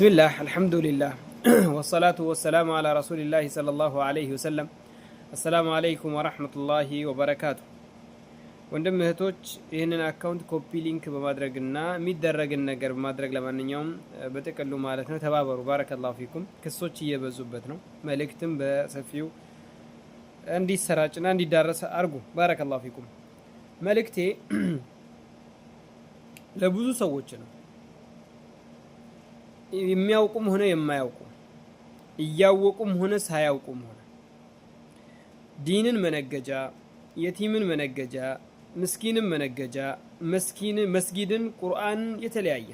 ቢስሚላህ አልሐምዱሊላህ ወሰላቱ ወሰላሙ አላ ረሱሊላህ ሰለላሁ አለይሂ ወሰለም። አሰላሙ አለይኩም ወረህመቱላሂ ወበረካቱ። ወንድም እህቶች ይህንን አካውንት ኮፒ ሊንክ በማድረግና የሚደረግን ነገር በማድረግ ለማንኛውም በጥቅሉ ማለት ነው ተባበሩ። ባረከላሁ ፊኩም። ክሶች እየበዙበት ነው። መልእክትም በሰፊው እንዲሰራጭና እንዲዳረስ አርጉ ባረከላሁ ፊኩም። መልእክቴ ለብዙ ሰዎች ነው የሚያውቁም ሆነ የማያውቁም እያወቁም ሆነ ሳያውቁም ሆነ ዲንን መነገጃ፣ የቲምን መነገጃ፣ ምስኪንን መነገጃ፣ መስጊድን፣ ቁርአን የተለያየ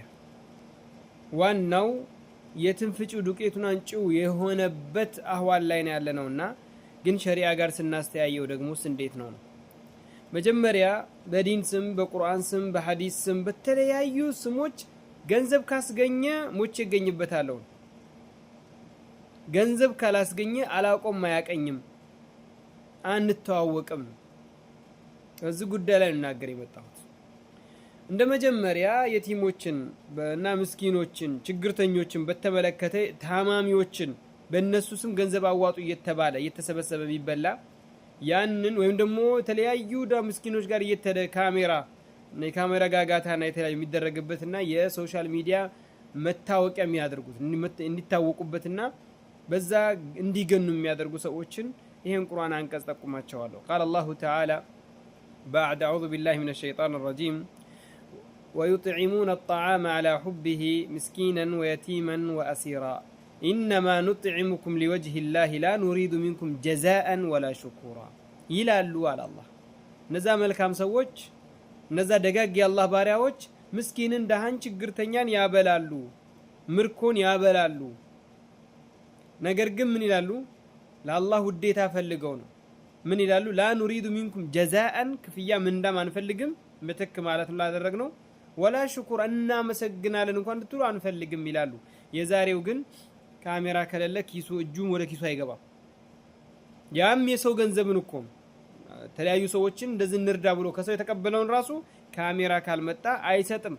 ዋናው የትንፍጩ ዱቄቱን አንጭው የሆነበት አህዋል ላይ ነው ያለ ነውና ግን ሸሪያ ጋር ስናስተያየው ደግሞ እንዴት ነው ነው? መጀመሪያ በዲን ስም፣ በቁርአን ስም፣ በሐዲስ ስም በተለያዩ ስሞች ገንዘብ ካስገኘ ሞቼ ይገኝበታለሁ። ገንዘብ ካላስገኘ አላቆም አያቀኝም፣ አንተዋወቅም። እዚህ ጉዳይ ላይ እናገር የመጣሁት እንደ መጀመሪያ የቲሞችን እና ምስኪኖችን፣ ችግርተኞችን በተመለከተ ታማሚዎችን በእነሱ ስም ገንዘብ አዋጡ እየተባለ እየተሰበሰበ ቢበላ ያንን ወይም ደግሞ የተለያዩ ምስኪኖች ጋር እየተደ ካሜራ የካሜራ ጋጋታና የተለያዩ የሚደረግበትና የሶሻል ሚዲያ መታወቂያ የሚያደርጉት እንዲታወቁበትና በዛ እንዲገኑ የሚያደርጉ ሰዎችን ይህን ቁርአን አንቀጽ ጠቁማቸዋለሁ። ቃል አላሁ ተዓላ ባዕድ አዑዙ ቢላሂ ሚነ ሸይጣን ረጂም ወዩጥዒሙነ አጣዓመ ዓላ ሁቢሂ ምስኪናን ወየቲማን ወአሲራ ኢነማ ኑጥዒሙኩም ሊወጅህ ላህ ላ ኑሪዱ ሚንኩም ጀዛአን ወላ ሽኩራ ይላሉ አለ አላህ። እነዛ መልካም ሰዎች እነዛ ደጋግ የአላህ ባሪያዎች ምስኪንን፣ ደሃን፣ ችግርተኛን ያበላሉ፣ ምርኮን ያበላሉ። ነገር ግን ምን ይላሉ? ለአላህ ውዴታ ፈልገው ነው። ምን ይላሉ? ላ ኑሪዱ ሚንኩም ጀዛአን፣ ክፍያ ምንዳም አንፈልግም። ምትክ ማለት ነው ነው። ወላ ሽኩር፣ እናመሰግናለን እንኳን እንድትሉ አንፈልግም ይላሉ። የዛሬው ግን ካሜራ ከሌለ ኪሱ እጁም ወደ ኪሱ አይገባም። ያም የሰው ገንዘብን እኮም የተለያዩ ሰዎችን እንደዚህ እንርዳ ብሎ ከሰው የተቀበለውን ራሱ ካሜራ ካልመጣ አይሰጥም።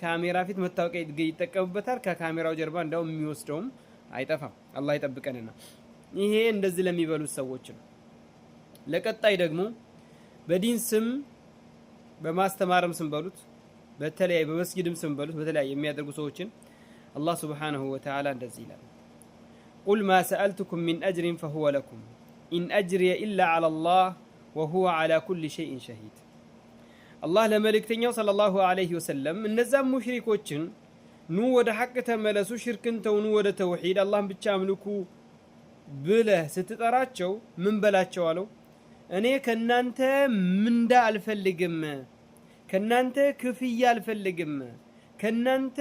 ካሜራ ፊት መታወቂያ ይጠቀምበታል። ከካሜራው ጀርባ እንደውም የሚወስደውም አይጠፋም። አላህ ይጠብቀንና ይሄ እንደዚህ ለሚበሉት ሰዎች ነው። ለቀጣይ ደግሞ በዲን ስም በማስተማርም ስም በሉት በተለያየ በመስጊድም ስም በሉት የሚያደርጉ ሰዎችን አላህ ሱብሓነሁ ወተዓላ እንደዚህ ይላል ቁል ማ ሰአልትኩም ሚን አጅሪን ፈሁወ ለኩም ኢን አጅርየ ኢላ ዐላ ላህ ወሁወ ዐላ ኩል ሸይን ሸሂድ። አላህ ለመልእክተኛው ሰለላሁ ዐለይሂ ወሰለም እነዛም ሙሽሪኮችን ኑ ወደ ሐቅ ተመለሱ፣ ሽርክን ተውኑ፣ ወደ ተውሒድ አላህን ብቻ አምልኩ ብለህ ስትጠራቸው ምን በላቸው አለው? እኔ ከእናንተ ምንዳ አልፈልግም፣ ከእናንተ ክፍያ አልፈልግም፣ ከእናንተ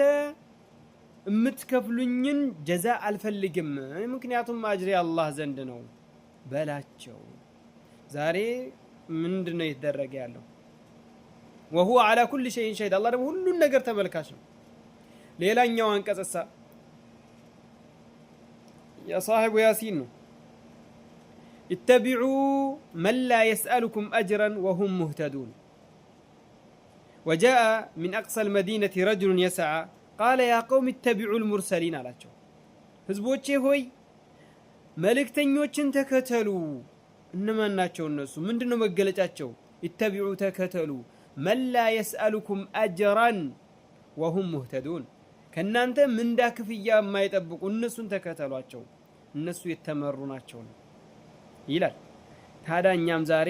የምትከፍሉኝን ጀዛ አልፈልግም። ምክንያቱም አጅሬ አላህ ዘንድ ነው። በላቸው። ዛሬ ምንድን ነው የተደረገ ያለው? ወሁ አላ ኩል ሸይን ሸሂድ፣ አላህ ደግሞ ሁሉን ነገር ተመልካች ነው። ሌላኛው አንቀጽሳ የሳሒቡ ያሲን ነው። ኢተቢዑ መን ላ የስአሉኩም አጅረን ወሁም ሙህተዱን ወጃአ ሚን አቅሰል መዲነቲ ረጅሉን የስዓ ቃለ ያ ቀውም ኢተቢዑ ልሙርሰሊን አላቸው። ህዝቦቼ ሆይ መልእክተኞችን ተከተሉ። እነማን ናቸው እነሱ? ምንድን ነው መገለጫቸው? ይተቢዑ ተከተሉ። መላ የስአሉኩም አጅራን ወሁም ሙህተዱን ከእናንተ ምንዳ ክፍያ የማይጠብቁ እነሱን ተከተሏቸው እነሱ የተመሩ ናቸው ነው ይላል። ታዲያ እኛም ዛሬ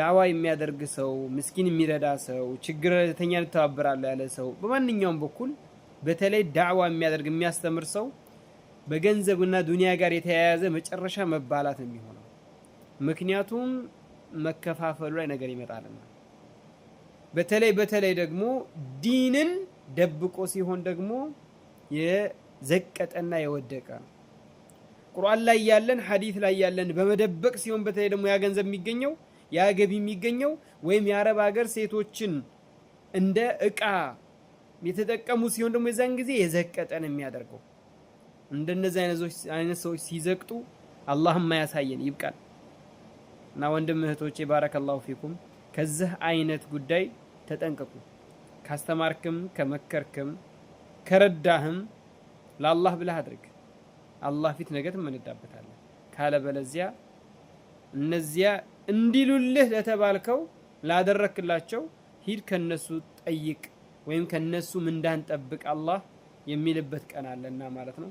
ዳዋ የሚያደርግ ሰው፣ ምስኪን የሚረዳ ሰው፣ ችግረተኛ እንተባበራለሁ ያለ ሰው በማንኛውም በኩል በተለይ ዳዕዋ የሚያደርግ የሚያስተምር ሰው በገንዘብና ዱንያ ጋር የተያያዘ መጨረሻ መባላት የሚሆነው ምክንያቱም መከፋፈሉ ላይ ነገር ይመጣልና። በተለይ በተለይ ደግሞ ዲንን ደብቆ ሲሆን ደግሞ የዘቀጠና የወደቀ ቁርአን ላይ ያለን ሐዲት ላይ ያለን በመደበቅ ሲሆን በተለይ ደግሞ ያ ገንዘብ የሚገኘው ያ ገቢ የሚገኘው ወይም የአረብ ሀገር ሴቶችን እንደ እቃ የተጠቀሙ ሲሆን ደግሞ የዛን ጊዜ የዘቀጠን የሚያደርገው እንደነዚህ አይነት ሰዎች ሲዘቅጡ አላህም ማያሳየን ይብቃል። እና ወንድም እህቶቼ ባረከላሁ ፊኩም ከዚህ አይነት ጉዳይ ተጠንቀቁ። ካስተማርክም፣ ከመከርክም፣ ከረዳህም ለአላህ ብለህ አድርግ። አላህ ፊት ነገ ትመነዳበታለን። ካለበለዚያ እነዚያ እንዲሉልህ ለተባልከው ላደረክላቸው ሂድ ከነሱ ጠይቅ ወይም ከነሱ ምንዳን ጠብቅ አላህ የሚልበት ቀን አለና ማለት ነው።